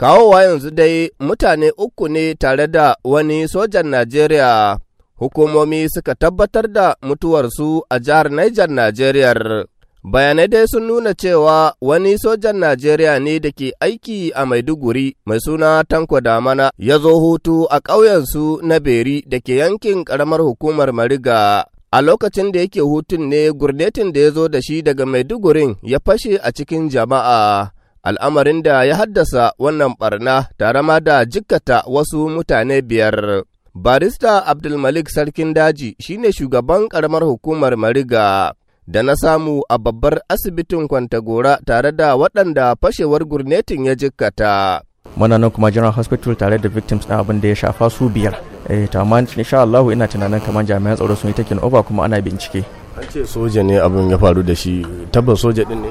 Kawowa yanzu dai mutane uku ne tare da wani sojan Najeriya, hukumomi suka tabbatar da mutuwarsu a jihar Niger Najeriya. Bayanai dai sun nuna cewa wani sojan Najeriya ne da ke aiki a Maiduguri mai suna Tanko Damana ya zo hutu a ƙauyensu na Beri da ke yankin ƙaramar hukumar Mariga. A lokacin da yake hutun ne gurnetin da ya zo da shi daga Maidugurin ya fashe a cikin jama'a. al'amarin da ya haddasa wannan barna tare ma da jikkata wasu mutane biyar. Barista Abdulmalik Sarkin Daji shi ne shugaban ƙaramar hukumar Mariga da na samu a babbar asibitin Kwantagora tare da waɗanda fashewar gurnetin ya jikkata. Muna nan kuma General Hospital tare da victims na abin da ya shafa su biyar. Eh, ta ma insha Allah ina tunanin kamar jami'an tsaro sun yi taken over kuma ana bincike. an ce soja ne abin ya faru da shi tabbas soja din ne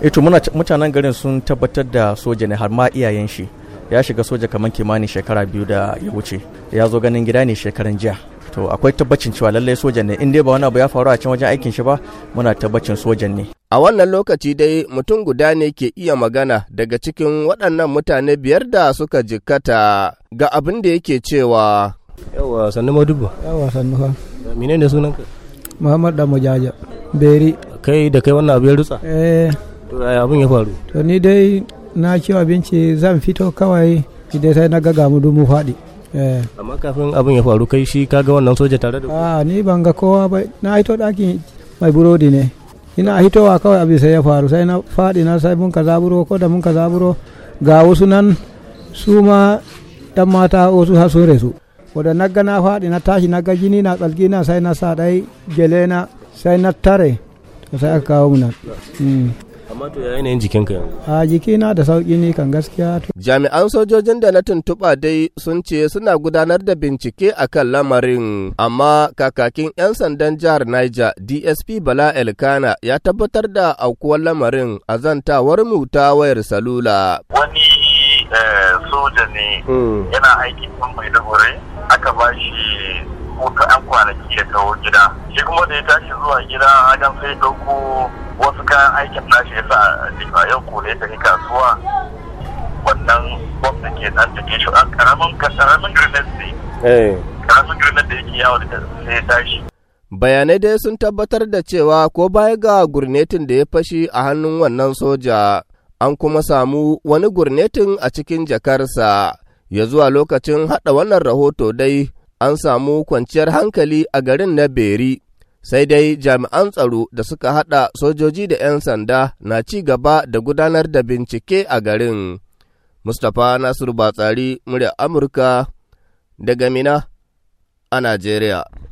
e to mutanen garin sun tabbatar da soja ne har ma iyayen shi ya shiga soja kamar kimanin shekara biyu da ya wuce ya zo ganin gida ne shekaran jiya to akwai tabbacin cewa lallai sojan ne in dai ba wani abu ya faru a can wajen aikin shi ba muna tabbacin sojan ne a wannan lokaci dai mutum guda ne ke iya magana daga cikin waɗannan mutane biyar da suka jikkata ga abin da yake cewa yawa sannu madubu yawa sannu fa menene sunanka muhammad da mujaja beri kai da kai wannan abin ya rutsa eh to yaya abin ya faru to ni dai na ci abinci zan fito kawai idan sai na gaga mu dumu faɗi eh. amma kafin abin ya faru kai shi kaga wannan soja tare da ah ni ban ga kowa ba na aito daki mai burodi ne ina hitowa kawai abin sai ya faru sai na faɗi na sai mun ka zaburo ko da mun ka zaburo ga wasu nan su ma dan mata wasu ha su wadda nagga na faɗi na tashi na ga jini na tsalgi na sai na sa ɗai gele na sai na tare to sai aka kawo mu mm. amma to ya yanayin jikinka ka a jiki na da sauki ne kan gaskiya jami'an sojojin da na tuntuɓa dai sun ce suna gudanar da bincike a kan lamarin amma kakakin 'yan sandan jihar niger dsp bala elkana ya tabbatar da aukuwar lamarin a zantawar mu ta wayar salula wani eh, soja ne hmm. yana aikin mai da aka ba shi hutu an kwanaki ya kawo gida shi kuma da ya tashi zuwa gida ajan sai dauko wasu kayan aikin nashi ya sa a yau ko da ya tafi kasuwa wannan bomb da ke nan da ke shi a karamin karamin grenade sai karamin eh. grenade da yake yawo da sai ya tashi bayanai dai sun tabbatar da cewa ko baya ga gurnetin da ya fashi a hannun wannan soja an kuma samu wani gurnetin a cikin jakarsa ya zuwa lokacin haɗa wannan rahoto dai an samu kwanciyar hankali a garin na Beri, sai dai jami'an tsaro da suka haɗa sojoji da 'yan sanda na ci gaba da gudanar da bincike a garin. Mustapha Nasiru Batsari, murya Amurka, daga Mina a Najeriya.